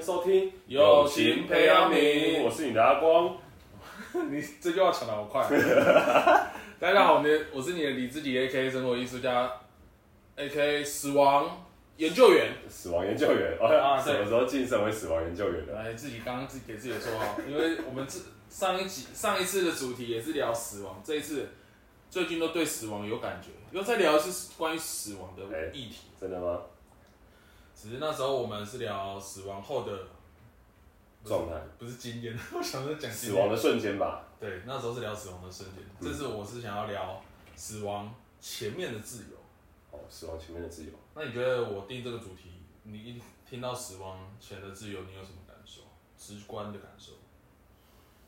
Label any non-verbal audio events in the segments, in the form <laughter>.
收聽友情培養皿，我是你的阿光， <laughs> 你這句話搶的好快，啊， <laughs> 大家好，嗯、你我是你的理智迪，A K 生活藝術家，A K 死亡研究員，死亡研究員，oh, okay. 啊，是什麼時候晉升為死亡研究員的？啊，自己剛剛自己給自己說啊， <laughs> 因為我們這上一集上一次的主題也是聊死亡，這一次最近都對死亡有感覺，又在聊是關於死亡的議題，欸、真的嗎？只是那時候我們是聊死亡後的狀態，不是，態不是經驗。我想着講死亡的瞬間吧。對，那時候是聊死亡的瞬間。嗯、這次我是想要聊死亡前面的自由。哦，死亡前面的自由。那你覺得我定這個主題，你一聽到死亡前的自由，你有什麼感受？直觀的感受？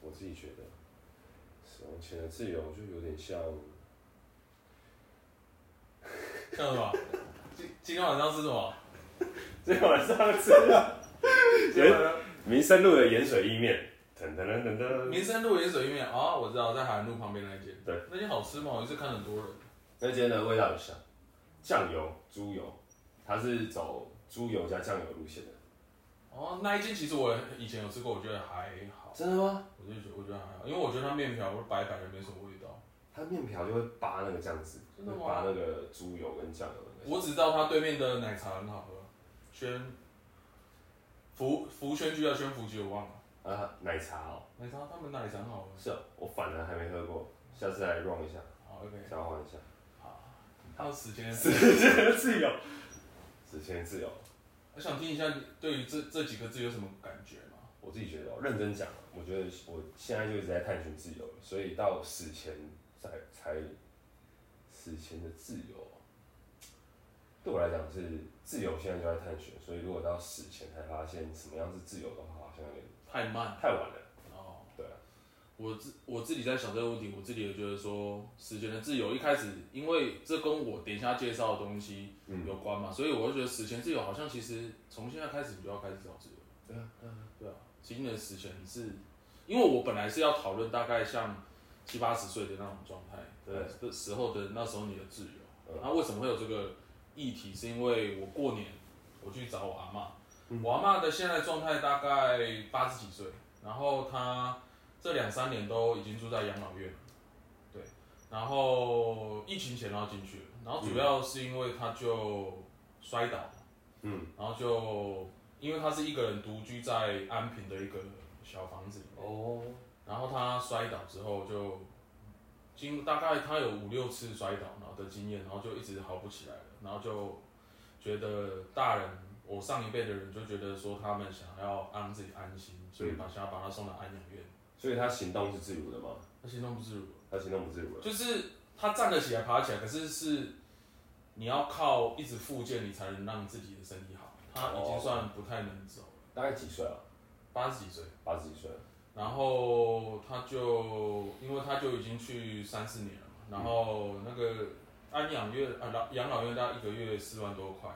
我自己覺得，死亡前的自由就有點像，像什麼？今 <laughs> 今天晚上吃什麼？今天晚上吃了，鹽民生路的鹽水意麵，等等等等等。民生路鹽水意麵，哦，我知道，在海南路旁邊那間。對，那間好吃嗎？我一直看很多人。那間的味道很香，醬油、豬油，它是走豬油加醬油路線的。哦，那一間其實我以前有吃過，我覺得還好。真的嗎？我就覺，我覺得還好，因為我覺得它麵條我白白的沒什麼味道。它麵條就會扒那個醬汁，扒那個豬油跟醬油的。我只知道它對面的奶茶很好喝。宣福福宣局要宣福局，我忘了啊、呃！奶茶哦，奶茶，他們奶茶很好喝，是哦、啊，我反而還沒喝過，下次來 run 一下，好 OK，交換一下，好，還有時間、啊，時間自由， <laughs> 時間自由，我、啊、想聽一下你對於這這幾個字有什麼感覺嗎？我自己覺得哦，認真講，我覺得我現在就一直在探尋自由，所以到死前才才死前的自由。對我來講是自由，現在就在探尋，所以如果到死前才發現什麼樣是自由的話，好像有點太慢，太晚了。哦、對、啊、我自我自己在想這個問題，我自己也覺得說，死前的自由，一開始，因為這跟我等一下介紹的東西有關嘛，嗯、所以我就覺得死前自由好像其實從現在開始你就要開始找自由。嗯嗯，對啊，今年的死前是，因為我本來是要討論大概像七八十歲的那種狀態，對的、嗯、時候的那時候你的自由，那、嗯、為什麼會有這個？議題是因為我過年，我去找我阿嬤，嗯、我阿嬤的現在狀態大概八十幾歲，然後她這兩三年都已經住在養老院，對，然後疫情前然後進去然後主要是因為她就摔倒，嗯，然後就因為她是一個人獨居在安平的一個小房子裡哦，然後她摔倒之後就經大概她有五六次摔倒，然後的經驗，然後就一直好不起來了。然後就覺得大人，我上一輩的人就覺得說他們想要讓自己安心，所以把想要把他送到安養院。嗯。所以他行動是自如的嗎？他行動不自如，他行動不自如。就是他站得起來，爬起來，可是是你要靠一直復健，你才能讓自己的身體好。他已經算不太能走。哦哦。大概幾歲了啊？八十幾歲。八十幾歲。然後他就因為他就已經去三四年了嘛，然後那個。嗯安養院啊，老養老院大概一個月四萬多塊，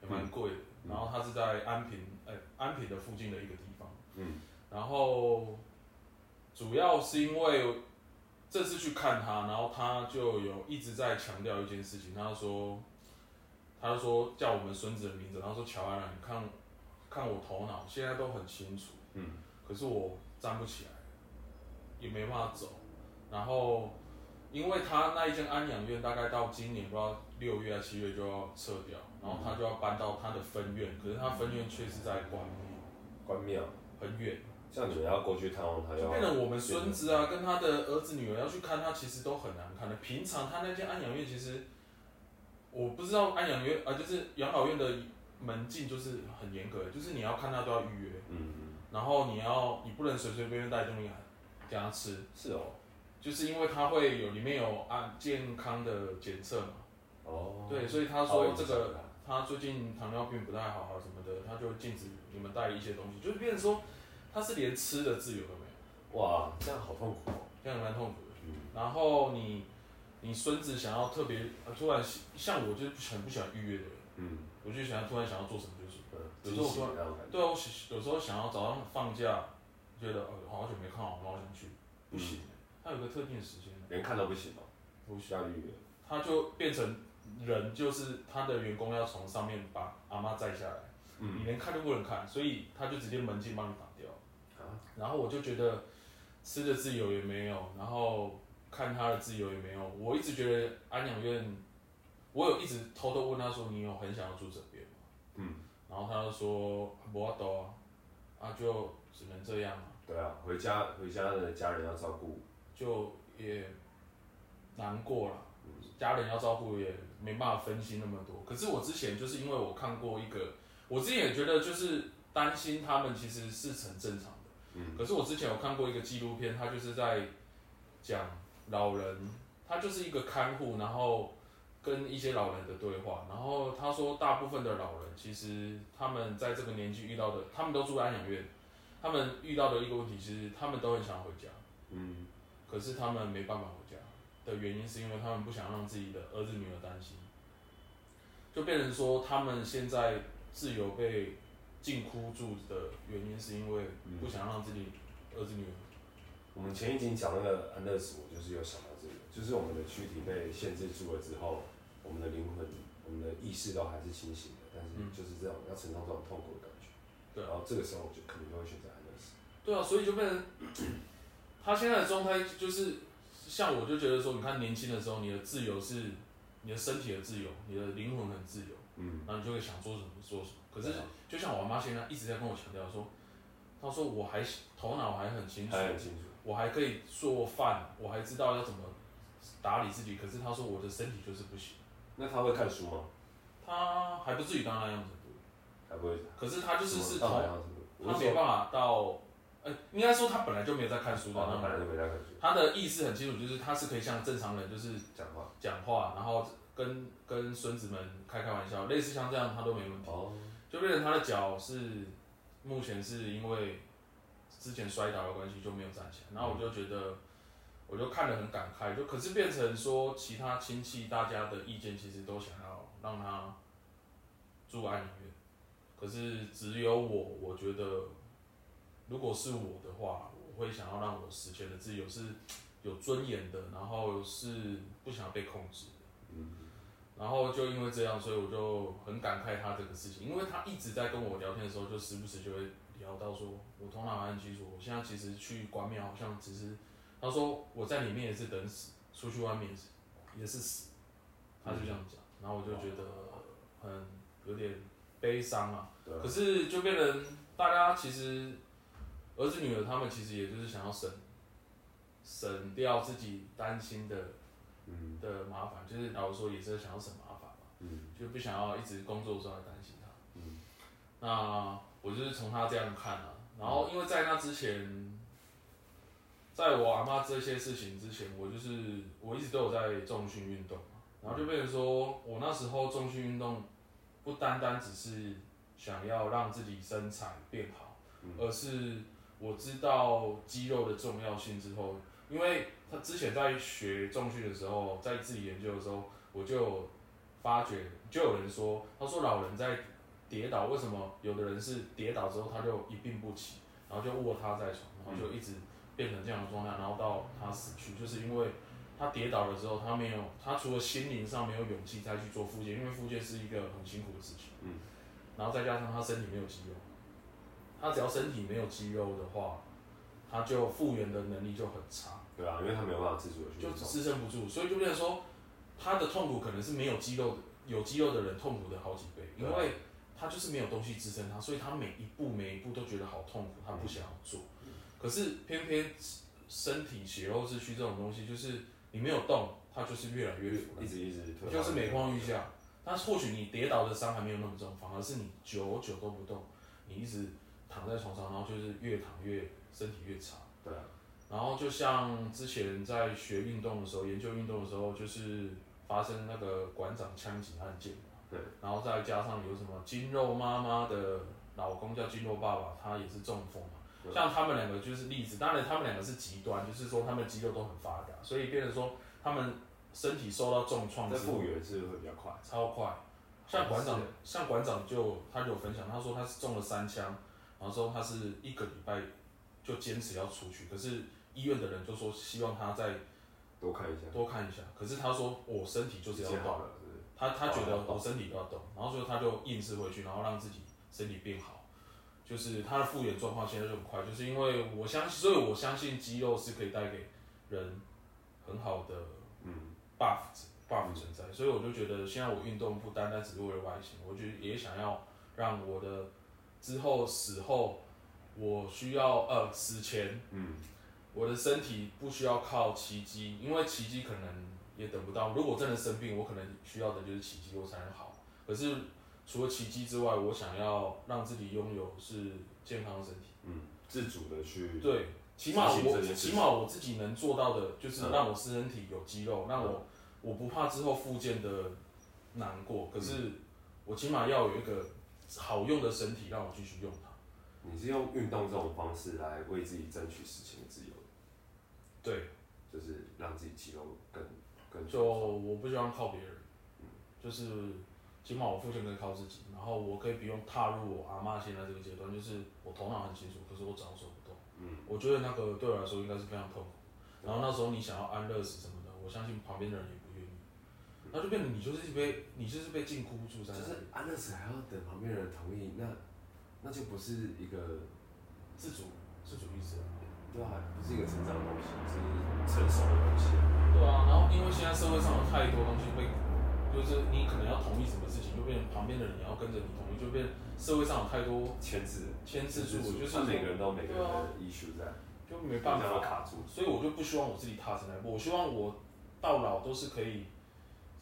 也蠻貴的。嗯嗯、然後他是在安平，哎，安平的附近的一個地方。嗯、然後主要是因為這次去看他，然後他就有一直在強調一件事情，他說，他說叫我們孫子的名字，然後說喬安，你看，看我頭腦現在都很清楚，嗯、可是我站不起來，也沒辦法走，然後。因為他那一間安養院大概到今年不知道六月啊，七月就要撤掉，嗯、然後他就要搬到他的分院，嗯、可是，他分院卻是在關廟，關廟很遠。這樣子，要過去探望他，要，變成我們孫子啊，跟他的兒子女兒要去看他，其實都很難看的。平常他那間安養院其實我不知道安養院啊，就是養老院的門禁就是很嚴格的，就是你要看他都要預約，嗯、嗯，然後你要你不能隨隨便便帶東西給他吃，是哦。就是因為他會有裡面有按、啊、健康的檢測嘛，哦，對，所以他說這個他最近糖尿病不太好，啊什麼的，他就禁止你們帶一些東西，就是變成說他是連吃的自由都沒有。哇，這樣好痛苦哦，這樣蠻痛苦的。嗯。然後你你孫子想要特別、啊、突然像我就是很不喜歡預約的人，嗯，我就想要突然想要做什麼就是。呃、是有，有時候我說對、啊、我有時候想要早上放假，覺得、呃、好久沒看好我好想去，不行。嗯他有個特定的時間，連看都不行，不需要預約。他就變成人，就是他的員工要從上面把阿嬤載下來。嗯，你連看都不能看，所以他就直接門禁幫你打掉。啊，然後我就覺得吃的自由也沒有，然後看他的自由也沒有。我一直覺得安養院，我有一直偷偷問他說：“你有很想要住這邊嗎？”嗯，然後他就說：“無法度、啊，啊，就只能這樣啊。”對啊，回家回家的家人要照顧。就也難過了，家人要照顧也沒辦法分析那麼多。可是我之前就是因為我看過一個，我自己也覺得就是擔心他們，其實是很正常的。嗯。可是我之前有看過一個紀錄片，他就是在講老人，他就是一個看護，然後跟一些老人的對話。然後他說，大部分的老人其實他們在這個年紀遇到的，他們都住在安養院，他們遇到的一個問題，其實他們都很想回家。嗯。可是他們沒辦法回家的原因，是因為他們不想讓自己的兒子女兒擔心，就變成說他們現在自由被禁錮住的原因，是因為不想讓自己兒子女兒。嗯嗯、我們前一集講那個安樂死，我就是有想到這個，就是我們的軀體被限制住了之後，我們的靈魂、我們的意識都還是清醒的，但是就是這種要承受這種痛苦的感覺。對，然後這個時候我就肯定就會選擇安樂死。對啊，所以就變成。他現在的狀態就是，像我就覺得說，你看年輕的時候，你的自由是你的身體的自由，你的靈魂很自由，嗯，然後你就會想做什麼做什麼。可是就像我媽現在一直在跟我強調說，她說我還頭腦還很清楚，還很清楚，我還可以做飯，我還知道要怎麼打理自己。可是她說我的身體就是不行。那她會看書嗎？她還不至於到那樣子度，還不會。可是她就是是頭她沒辦法到。應該說他本來就沒有在看書的，他本來就沒在看書。他的意思很清楚，就是他是可以像正常人，就是講話講話，然後跟跟孫子們開開玩笑，類似像這樣他都沒問題。就變成他的腳是目前是因為之前摔倒的關係就沒有站起來。然後我就覺得，我就看得很感慨。就可是變成說其他親戚大家的意見其實都想要讓他住安養院，可是只有我，我覺得。如果是我的話，我會想要讓我死前的自由是，有尊嚴的，然後是不想被控制的。嗯哼，然後就因為這樣，所以我就很感慨他這個事情，因為他一直在跟我聊天的時候，就時不時就會聊到說，我頭腦很清楚，我現在其實去關廟好像只是，他說我在裡面也是等死，出去外面也是，也是死，嗯、哼他就這樣講，然後我就覺得很有點悲傷啊。嗯、哼可是就變成大家其實。兒子、女兒，他們其實也就是想要省省掉自己擔心的的麻煩，就是，老實說也是想要省麻煩就不想要一直工作的時候擔心他。那我就是從他這樣看啊，然後因為在那之前，在我阿媽這些事情之前，我就是我一直都有在重訓運動然後就變成說我那時候重訓運動不單單只是想要讓自己身材變好，而是。我知道肌肉的重要性之後，因為他之前在學重訓的時候，在自己研究的時候，我就發覺，就有人說，他說老人在跌倒，為什麼有的人是跌倒之後他就一病不起，然後就臥榻在床，然後就一直變成這樣的狀態，然後到他死去，就是因為他跌倒了之後，他沒有，他除了心靈上沒有勇氣再去做復健，因為復健是一個很辛苦的事情，嗯，然後再加上他身體沒有肌肉。他只要身體沒有肌肉的話，他就復原的能力就很差。對啊，因為他沒有辦法自主的去。就支撐不住，所以就變成說，他的痛苦可能是沒有肌肉、的，有肌肉的人痛苦的好幾倍，因為他就是沒有東西支撐他，所以他每一步、每一步都覺得好痛苦，他不想做。嗯嗯、可是偏偏身體血肉之軀這種東西，就是你沒有動，它就是越來越。一直為一直，是一直就是每況愈下。對但是或許你跌倒的傷還沒有那麼重，反而是你久久都不動，你一直。躺在床上，然後就是越躺越身體越差。對、啊。然後就像之前在學運動的時候，研究運動的時候，就是發生那個館長槍擊案件嘛。對。然後再加上有什麼筋肉媽媽的老公叫筋肉爸爸，他也是中風嘛。對像他們兩個就是例子，當然他們兩個是極端，就是說他們肌肉都很發達，所以變成說他們身體受到重創之後，復原是會比較快，超快。像館長，是像館長就他就有分享，他說他是中了三槍。然後說他是一個禮拜就堅持要出去，可是醫院的人就說希望他再多看一下，多看一下。可是他說，我身體就是要動，他他覺得我身體不要動。然後所以他就硬是回去，然後讓自己身體變好。就是他的復原狀況現在就很快，就是因為我相信，所以我相信肌肉是可以帶給人很好的 buff, 嗯 buff buff 存在。所以我就覺得現在我運動不單單只是為了外形，我覺得也想要讓我的。之後死後，我需要呃死前，嗯，我的身體不需要靠奇蹟，因為奇蹟可能也等不到。如果真的生病，我可能需要的就是奇蹟，我才能好。可是除了奇蹟之外，我想要讓自己擁有是健康的身體，嗯，自主的去。對，起碼我實，起碼我自己能做到的就是讓我身體有肌肉，嗯、讓我、嗯、我不怕之後復健的難過。可是我起碼要有一個。好用的身體讓我繼續用它。你是用運動這種方式來為自己爭取時間自由的？對，就是讓自己肌肉更更。更就我不希望靠別人，嗯，就是起碼我父親可以靠自己，然後我可以不用踏入我阿媽現在這個階段，就是我頭腦很清楚，可是我腳走不動。嗯，我覺得那個對我來說應該是非常痛苦。然後那時候你想要安樂死什麼的，我相信旁邊的人也不。那就變成你就是被，你就是被禁錮住在，就是安樂死還要等旁邊人同意，那，那就不是一個自主，自主意識了，對吧、啊？不是一個成長的東西，就是成熟的東西。對啊，然後因為現在社會上有太多東西會，就是你可能要同意什麼事情，就變成旁邊的人也要跟着你同意，就變成社會上有太多牽制，牽制住，就是每個人都有每個人的 issue 在，啊，就沒辦法卡住，所以我就不希望我自己踏進來，我希望我到老都是可以。.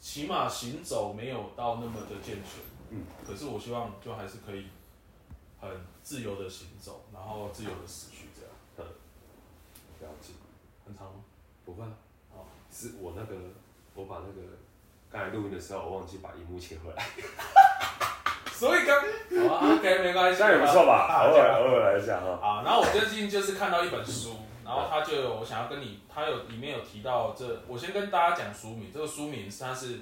起碼行走沒有到那麼的健全，嗯，可是我希望就還是可以很自由的行走，然後自由的死去這樣，嗯，不要緊，很長嗎？不會，哦，是我那個，我把那個剛才錄音的時候，我忘記把熒幕切回來， <laughs> 所以剛，啊、哦、OK，沒關係， <laughs> 那也不錯吧，偶爾偶爾來一下哈，啊、啊，然後我最近就是看到一本書。然後他就有，我想要跟你，他有裡面有提到這，我先跟大家講書名，這個書名是他是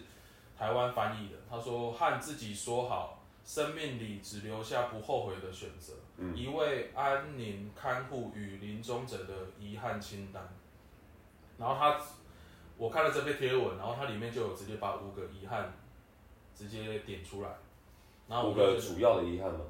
台灣翻譯的，他說和自己說好，生命裡只留下不後悔的選擇，嗯、一位安寧看護與臨終者的遺憾清單。然後他，我看了這篇貼文，然後他裡面就有直接把五個遺憾直接點出來，那五個主要的遺憾嗎？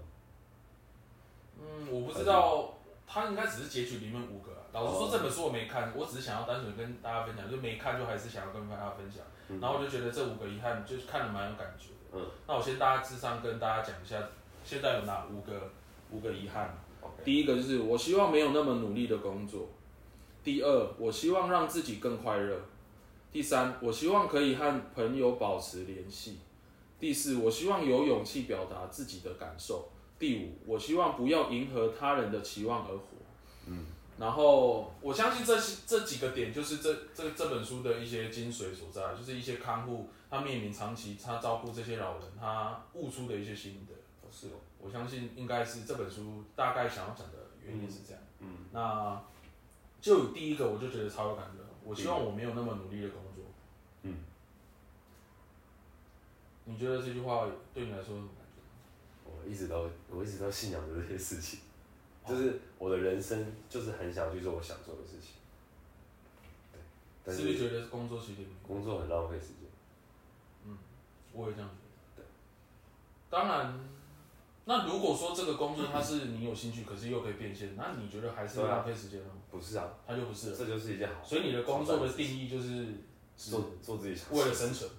嗯，我不知道，是他應該只是結局裡面五個。老實說，這本書我沒看，我只是想要單純跟大家分享，就沒看，就還是想要跟大家分享。然後我就覺得這五個遺憾，就是看了蠻有感覺。嗯，那我先搭智商跟大家講一下，現在有哪五個五個遺憾？第一個就是我希望沒有那麼努力的工作。第二，我希望讓自己更快樂。第三，我希望可以和朋友保持聯繫。第四，我希望有勇氣表達自己的感受。第五，我希望不要迎合他人的期望而活。然後我相信這些這幾個點，就是這這這本書的一些精髓所在，就是一些看護他面臨長期他照顧這些老人，他悟出的一些心得。是哦，我相信應該是這本書大概想要講的原因是這樣。嗯，嗯，那就有第一個我就覺得超有感覺。我希望我沒有那麼努力的工作。嗯，你覺得這句話對你來說有什麼感覺？我我一直都我一直都信仰的這些事情。好就是我的人生，就是很想去做我想做的事情，是不是覺得工作其實工作很浪費時間。嗯，我也這樣覺得。對。當然，那如果說這個工作它是你有興趣，嗯、可是又可以變現，那你覺得還是浪費時間嗎、啊啊？不是啊，它就不是。這就是一件好。所以你的工作的定義就是做做自己想。出為了生存。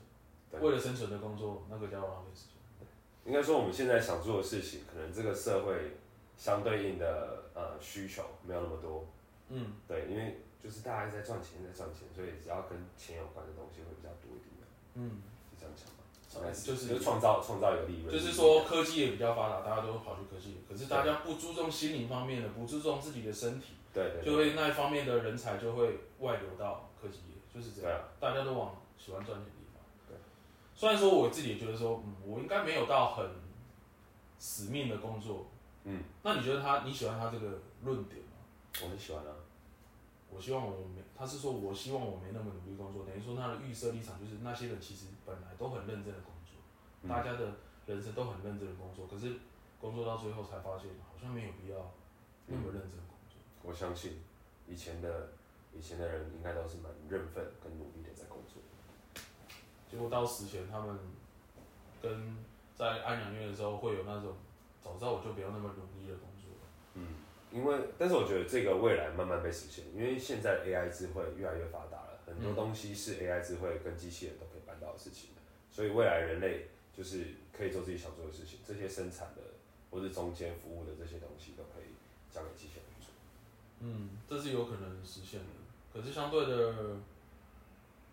對為了生存的工作，那個叫浪費時間。應該說，我們現在想做的事情，可能這個社會。相對應的呃需求沒有那麼多，嗯，對，因為就是大家在賺錢，在賺錢，所以只要跟錢有關的東西會比較多一點。嗯，是這樣講嗎？是就是創造創造一個利潤，就是說科技也比較發達，大家都會跑去科技業。對可是大家不注重心靈方面的，不注重自己的身體，對，對對，就會那一方面的人才就會外流到科技業，就是這樣，啊、大家都往喜歡賺錢的地方。對，雖然說我自己也覺得說，我應該沒有到很死命的工作。嗯，那你覺得他你喜歡他這個論點嗎？我很喜歡啊。我希望我沒，他是說我希望我沒那麼努力工作，等於說他的預設立場就是那些人其實本來都很認真的工作，嗯、大家的人生都很認真的工作，可是工作到最後才發現好像沒有必要那麼認真的工作，嗯。我相信以前的以前的人應該都是蠻認份跟努力的在工作，結果到死前他們跟在安養院的時候會有那種。早知道我就不要那麼容易的工作了。嗯，因為但是我覺得這個未來慢慢被實現，因為現在 AI 智慧越來越發達了，很多東西是 AI 智慧跟機器人都可以辦到的事情，嗯、所以未來人類就是可以做自己想做的事情，這些生產的或是中間服務的這些東西都可以交給機器人去做。嗯，這是有可能實現的，嗯、可是相對的，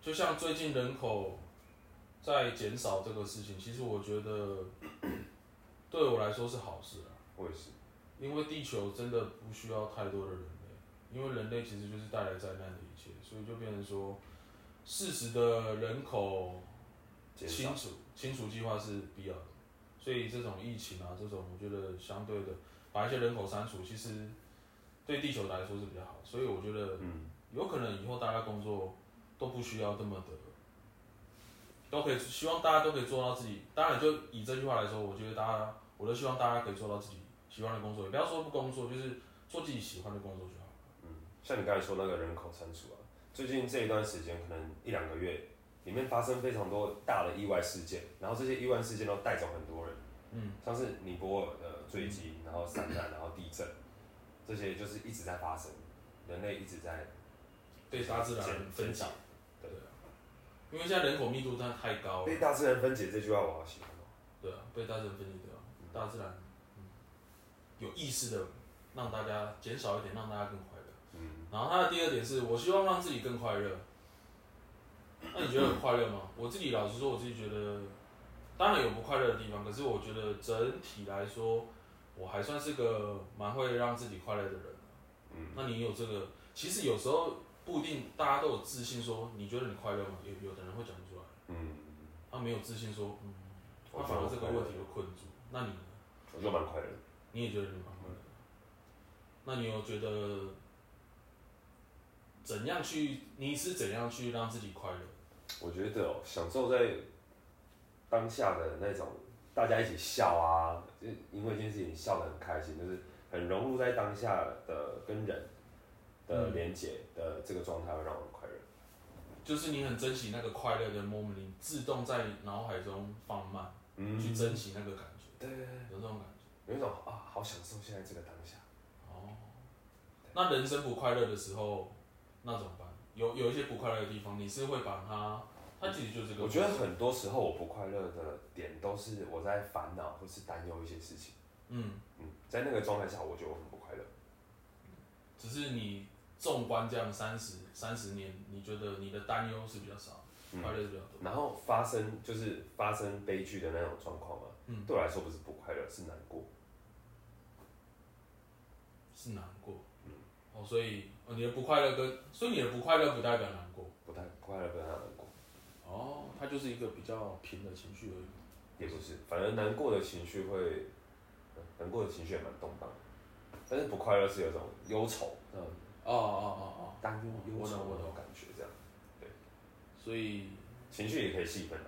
就像最近人口在減少這個事情，其實我覺得。 <coughs> 對我來說是好事啊，會是，因為地球真的不需要太多的人類，因為人類其實就是帶來災難的一切，所以就變成說，事實的人口清除散清除計劃是必要的，所以這種疫情啊，這種我覺得相對的，把一些人口刪除，其實對地球來說是比較好，所以我覺得，有可能以後大家工作都不需要這麼的，都可以，希望大家都可以做到自己，當然就以這句話來說，我覺得大家。我都希望大家可以做到自己喜歡的工作，也不要說不工作，就是做自己喜歡的工作就好了。嗯，像你剛才說那個人口參數啊，最近這一段時間，可能一兩個月裡面發生非常多大的意外事件，然後這些意外事件都帶走很多人。嗯，像是尼泊爾的墜機，嗯、然後山難，然後地震，咳咳這些就是一直在發生，人類一直在被大自然分解。對、啊、因為現在人口密度真的太高了、啊。被大自然分解這句話，我好喜歡、喔。對啊，被大自然分解大自然，嗯，有意識的讓大家減少一點，讓大家更快樂。嗯，然後他的第二點是，我希望讓自己更快樂。那你覺得很快樂嗎？嗯、我自己老實說，我自己覺得，當然有不快樂的地方，可是我覺得整體來說，我還算是個蠻會讓自己快樂的人。嗯，那你有這個？其實有時候不一定，大家都有自信說你覺得你快樂嗎？有有的人會講出來，嗯，他沒有自信說，嗯、他反而這個問題都困住。那你？我就蠻快樂的。你也覺得蠻快樂？嗯、那你有覺得怎樣去？你是怎樣去讓自己快樂？我覺得哦，享受在當下的那種大家一起笑啊，就因為一件事情笑得很開心，就是很融入在當下的跟人的連接、嗯、的這個狀態，會讓我很快樂。就是你很珍惜那個快樂的 moment，你自動在腦海中放慢，嗯，去珍惜那個感。對對對對有這種感覺，有一種啊，好享受現在這個當下。哦，對那人生不快樂的時候，那怎麼辦？有有一些不快樂的地方，你是會把它，它其實就是這個。我覺得很多時候我不快樂的點都是我在煩惱或是擔憂一些事情。嗯嗯，在那個狀態下，我覺得我很不快樂。只是你縱觀這樣三十三十年，你覺得你的擔憂是比較少，快樂是比較多。嗯、然後發生就是發生悲劇的那種狀況嘛嗯，對我來說不是不快樂，是難過，是難過。嗯，哦，所以，哦，你的不快樂跟，所以你的不快樂不代表難過，不太不快樂，不代表難過。哦，它就是一個比較平的情緒而已。也不是，反正難過的情緒會、嗯，難過的情緒也蠻動盪，但是不快樂是有一種憂愁。嗯，哦哦哦哦，擔憂、哦、憂愁那種的感覺，這樣。對。所以。情緒也可以細分、啊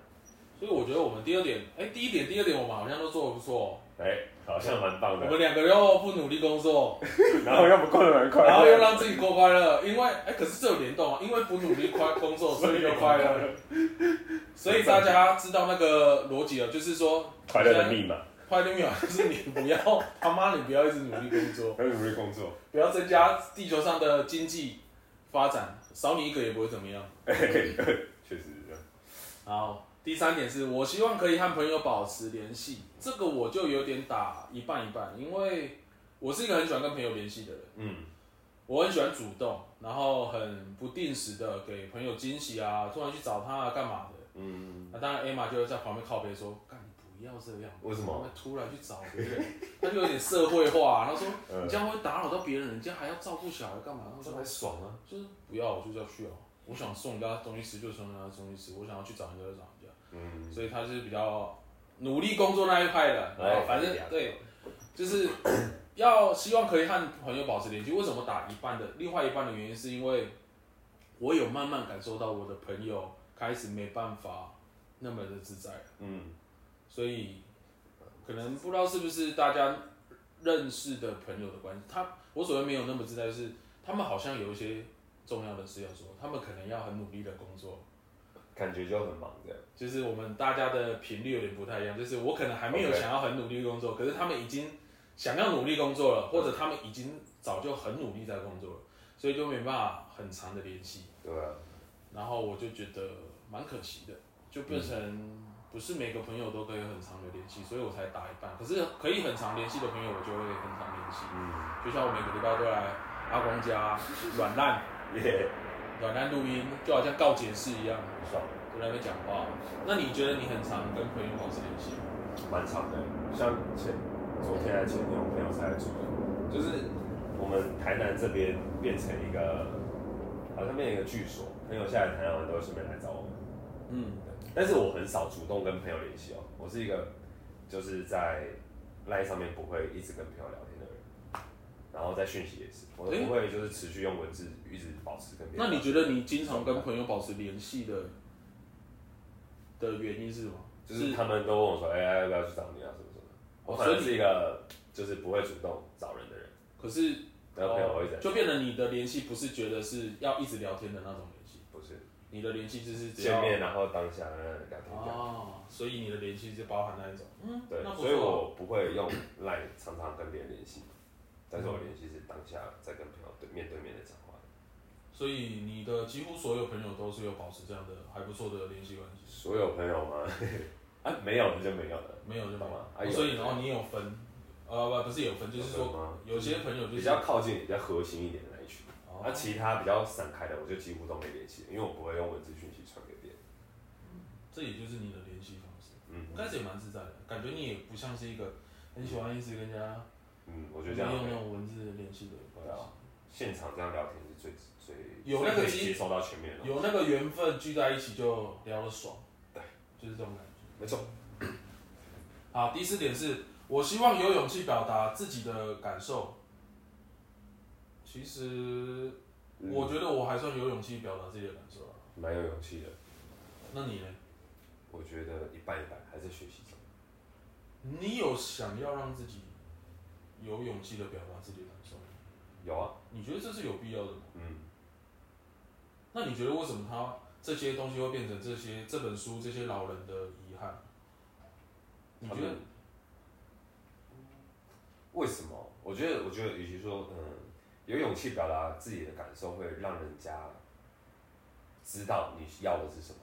所以我覺得我們第二點，哎，第一點、第二點，我們好像都做的不錯，哎，好像蠻棒的。我們兩個又不努力工作，然後又不過得很快樂，然後又讓自己過快樂。因為哎，可是這有聯動啊，因為不努力快工作，所以就快樂。所以大家知道那個邏輯啊，就是說快樂的密碼，快樂密碼就是你不要，他媽你不要一直努力工作，不要努力工作，不要增加地球上的經濟發展。少你一個也不會怎麼樣。確實是這樣，然後。第三點是我希望可以和朋友保持聯繫，這個我就有點打一半一半，因為我是一個很喜歡跟朋友聯繫的人，嗯，我很喜歡主動，然後很不定時的給朋友驚喜啊，突然去找他幹嘛的，嗯，嗯，那、啊、當然阿罵就會在旁邊靠北說，幹你不要這樣，為什麼，突然去找別人， <laughs> 他就有點社會化，他說，嗯、你這樣會打擾到別人，人家還要照顧小孩幹嘛，就還爽啊？就是不要，我就是要去哦，我想送人家的東西吃就送人家的東西吃，我想要去找人家就找家的。嗯， <noise> 所以他是比較努力工作那一派的。哎，反正對，就是要希望可以和朋友保持聯繫。為什麼打一半的？另外一半的原因是因為我有慢慢感受到我的朋友開始沒辦法那麼的自在。嗯，所以可能不知道是不是大家認識的朋友的關係，他我所謂沒有那麼自在，是他們好像有一些重要的事要說，他們可能要很努力的工作。感覺就很忙這樣，的就是我們大家的頻率有點不太一樣。就是我可能還沒有想要很努力工作，Okay. 可是他們已經想要努力工作了，嗯、或者他們已經早就很努力在工作了，所以就沒辦法很長的聯繫。對、嗯。然後我就覺得蠻可惜的，就變成不是每個朋友都可以很長的聯繫，所以我才打一半。可是可以很長聯繫的朋友，我就會很長聯繫。嗯。就像我每個禮拜都來阿光家軟爛。 <laughs> yeah. 短單錄音就好像告解室一樣，很爽，啊。有人會講話。那你覺得你很常跟朋友保持聯繫？蠻常的，像前昨天還前天，我朋友才來住。就是我們台南這邊變成一個，好像變成一個據所，朋友下來台南都會順便來找我們。嗯，但是我很少主動跟朋友聯繫哦，我是一個就是在賴上面不會一直跟朋友聊天。然後再訊息也是，我不會就是持續用文字一直保持跟別人。那你覺得你經常跟朋友保持聯繫的聯繫的、的原因是什麼？就是，是他們都問我說：“哎、欸，要不要去找你啊？”什麼什麼。我可能是一個、哦、就是不會主動找人的人。可是、哦，就變成你的聯繫不是覺得是要一直聊天的那種聯繫，不是。你的聯繫就是見面然後當下來來來聊、天聊天。哦，所以你的聯繫就包含那一種，嗯，對。那啊、所以我不會用 LINE 常常跟別人聯繫。還是我聯繫是當下在跟朋友對面對面的講話的。所以你的幾乎所有朋友都是有保持這樣的還不錯的聯繫關係？所有朋友嗎？哎、 <laughs> 啊，沒有那就沒有了，沒有就好了嗎、哦。所以然後你有分，有分呃不不是，是有分，就是說有些朋友就是嗯、比較靠近、比較核心一點的那一群，那、哦啊、其他比較散開的，我就幾乎都沒聯繫，因為我不會用文字訊息傳給別人。這也就是你的聯繫方式。嗯哼，開始也蠻自在的，感覺你也不像是一個很喜歡一直跟人家。嗯嗯，我覺得這樣沒有沒有文字聯繫的關係、啊，現場這樣聊天是最最有那個接受到全面了，有那個緣分聚在一起就聊得爽，對，就是這種感覺，沒錯。好，第四點是我希望有勇氣表達自己的感受。其實、嗯、我覺得我還算有勇氣表達自己的感受了、啊，蠻有勇氣的。那你呢？我覺得一半一半，還在學習中。你有想要讓自己？有勇氣的表達自己的感受，有啊，你覺得這是有必要的嗎？嗯，那你覺得為什麼他這些東西會變成這些這本書這些老人的遺憾？你覺得，嗯，為什麼？我覺得，我覺得，與其說，嗯，有勇氣表達自己的感受，會讓人家知道你要的是什麼，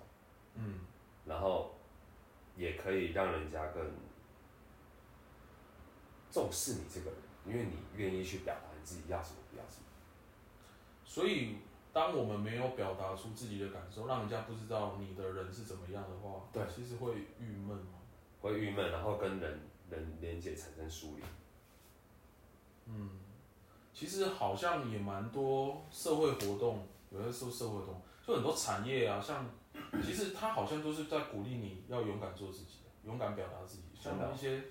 嗯，然後也可以讓人家更。重視你這個人，因為你願意去表達你自己要什麼不要什麼。所以，當我們沒有表達出自己的感受，讓人家不知道你的人是怎麼樣的話，對，其實會鬱悶，會鬱悶，然後跟人人連接產生疏離。嗯，其實好像也蠻多社會活動，有些是社會活動，就很多產業啊，像其實它好像都是在鼓勵你要勇敢做自己的，勇敢表達自己，對嗎？像一些。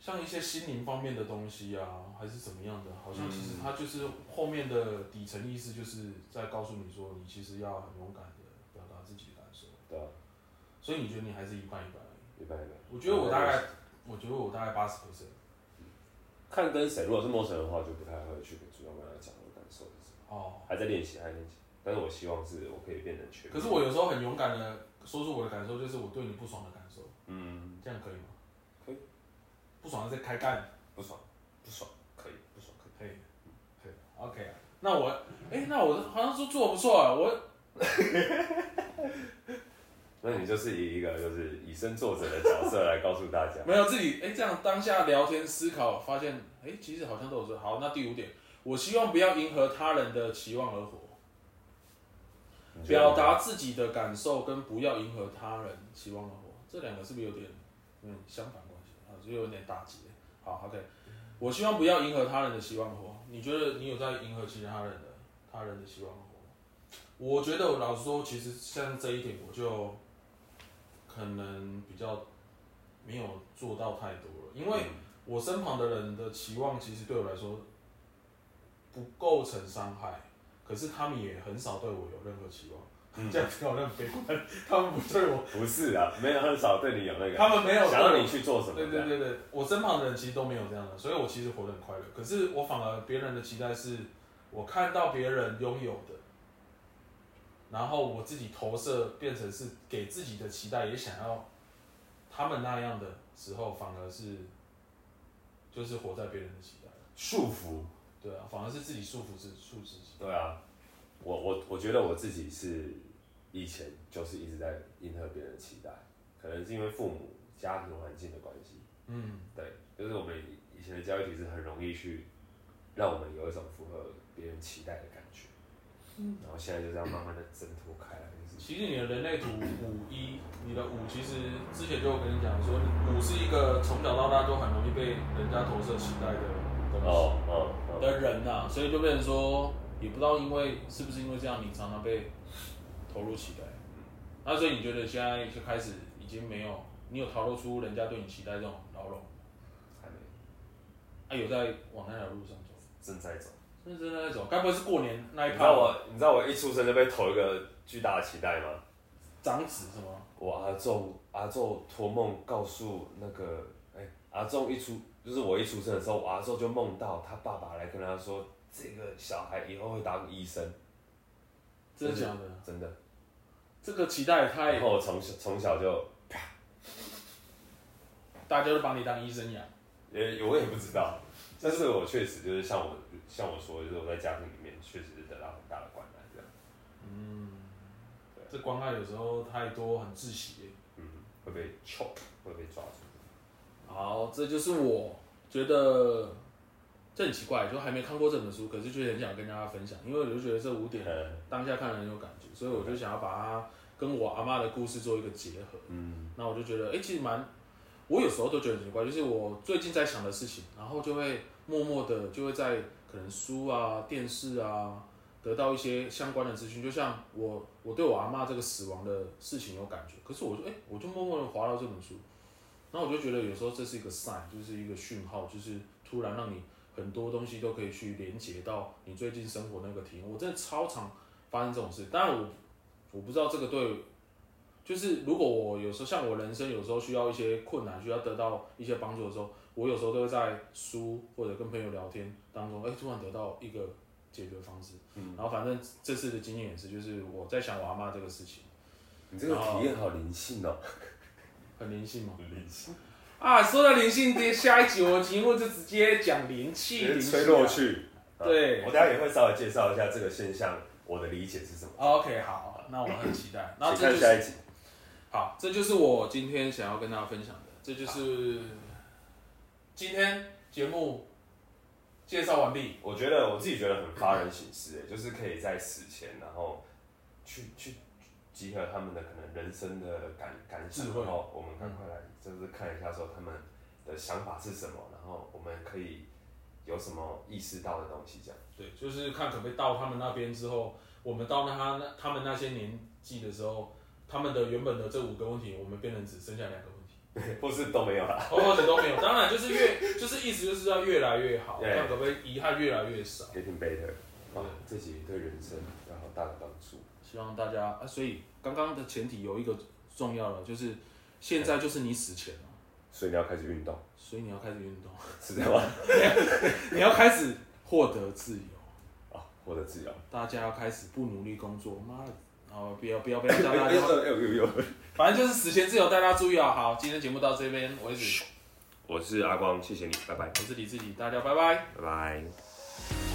像一些心靈方面的東西啊，還是怎麼樣的，好像其實它就是後面的底層意思，就是在告訴你說，你其實要很勇敢的表達自己的感受。對啊。所以你覺得你還是一半一半？一半一半。我覺得我大概，嗯、我覺得我大概八十 percent。看跟誰，如果是陌生人的話，就不太會去主動跟他講我的感受哦還。還在練習，還在練習，但是我希望是我可以變成全。可是我有時候很勇敢的說出我的感受，就是我對你不爽的感受。嗯，嗯，嗯。這樣可以嗎？不爽了再開幹，不爽，不爽可以，不爽可可以，嗯、可以，可以，OK 啊。那我，哎、欸，那我好像說做的不錯、啊，我， <laughs> 那你就是以一個就是以身作則的角色來告訴大家， <laughs> 沒有自己，哎、欸，這樣當下聊天思考發現，哎、欸，其實好像都有做。好，那第五點，我希望不要迎合他人的期望而活，表達、OK? 自己的感受跟不要迎合他人期望而活，這兩個是不是有點，嗯，相反？就有點打擊。好，OK。我希望不要迎合他人的期望，哦，你覺得你有在迎合其他人的、他人的期望好不好？我覺得，老實說，其實像這一點，我就可能比較沒有做到太多了。因為我身旁的人的期望，其實對我來說不構成傷害，可是他們也很少對我有任何期望。這樣子好像別管，他們不對我。不是啊，沒有很少對你有那個。 <laughs> 他們沒有想讓你去做什麼。對對對對，我身旁的人其實都沒有這樣的，所以我其實活得很快樂。可是我反而別人的期待是，我看到別人擁有的，然後我自己投射變成是給自己的期待，也想要他們那樣的時候，反而是就是活在別人的期待。束縛縛。對啊，反而是自己束縛自，束縛自己。對啊。我我我覺得我自己是以前就是一直在迎合別人的期待，可能是因為父母家庭環境的關係，嗯，對，就是我們以前的教育體制很容易去讓我們有一種符合別人期待的感覺，嗯，然後現在就是要慢慢的掙脫開來。就是、其實你的人類圖五一，你的五其實之前就有跟你講說，五是一個從小到大都很容易被人家投射期待的東西，嗯，的人吶、啊，哦哦哦、所以就變成說。也不知道，因為是不是因為這樣，你常常被投入期待，那所以你覺得現在就開始已經沒有，你有逃脫出人家對你期待這種牢籠？還沒，哎、啊，有在往那條路上走，正在走，正在走，該不會是過年那一刻？你知道我，你知道我一出生就被投一個巨大的期待嗎？長子是嗎？我阿宙，阿宙托夢告訴那個，哎、欸，阿宙一出就是我一出生的時候，我阿宙就夢到他爸爸來跟他說。這個小孩以後會當個醫生，真的假的？真的，這個期待太以後從小從小就大家都把你當醫生養。也，我也不知道，但是我確實就是像我 <laughs> 像我說的，就是我在家庭裡面確實是得到很大的關愛，這嗯，對這關愛有時候太多，很窒息。嗯，會被抽，會被抓住。好，這就是我覺得。這很奇怪，就還沒看過這本書，可是就很想跟大家分享，因為我就覺得這五點當下看了很有感覺，所以我就想要把它跟我阿嬤的故事做一個結合。嗯，那我就覺得，哎、欸，其實蠻，我有時候都覺得很奇怪，就是我最近在想的事情，然後就會默默的就會在可能書啊、電視啊得到一些相關的資訊，就像我我對我阿嬤這個死亡的事情有感覺，可是我就哎、欸，我就默默的滑到這本書，然後我就覺得有時候這是一個 sign，就是一個訊號，就是突然讓你。很多東西都可以去連接到你最近生活那個題目，我真的超常發生這種事。當然我我不知道這個對，就是如果我有時候像我人生有時候需要一些困難，需要得到一些幫助的時候，我有時候都會在書或者跟朋友聊天當中，哎、欸，突然得到一個解決方式。嗯、然後反正這次的經驗也是，就是我在想我阿媽這個事情。你這個體驗好靈性哦，很靈性嗎？很靈性。啊，說到靈性，接下一集，我節目就直接講靈氣，靈氣吹落去。啊啊、對，我等下也會稍微介紹一下這個現象，我的理解是什麼。OK，好，那我很期待。請看下一集。好，這就是我今天想要跟大家分享的，這就是今天節目介紹完畢。我覺得我自己覺得很發人省思、欸嗯、就是可以在死前，然後去去。去集合他們的可能人生的感感受，智慧，然後我們趕快來就是看一下，說他們的想法是什麼，然後我們可以有什麼意識到的東西，這樣。對，就是看可不可以到他們那邊之後，我們到那他那他們那些年紀的時候，他們的原本的這五個問題，我們變成只剩下兩個問題，對， <laughs> 或是都沒有了、哦，或者都沒有。當然就是越 <laughs> 就是意思就是要越來越好，Yeah. 看可不可以遺憾越來越少。Getting better，對、啊，自己對人生有好大的幫助。希望大家啊，所以剛剛的前提有一個重要的，就是現在就是你死前了，所以你要開始運動，所以你要開始運動，是這樣嗎？你要開始獲得自由啊，獲得自由，哦、自由大家要開始不努力工作，媽的，然後不要不要不要叫大家，欸、反正就是死前自由，大家注意啊。好，今天節目到這邊，我是，我是阿光，謝謝你，拜拜。我是李自己，自己大家拜拜，拜拜。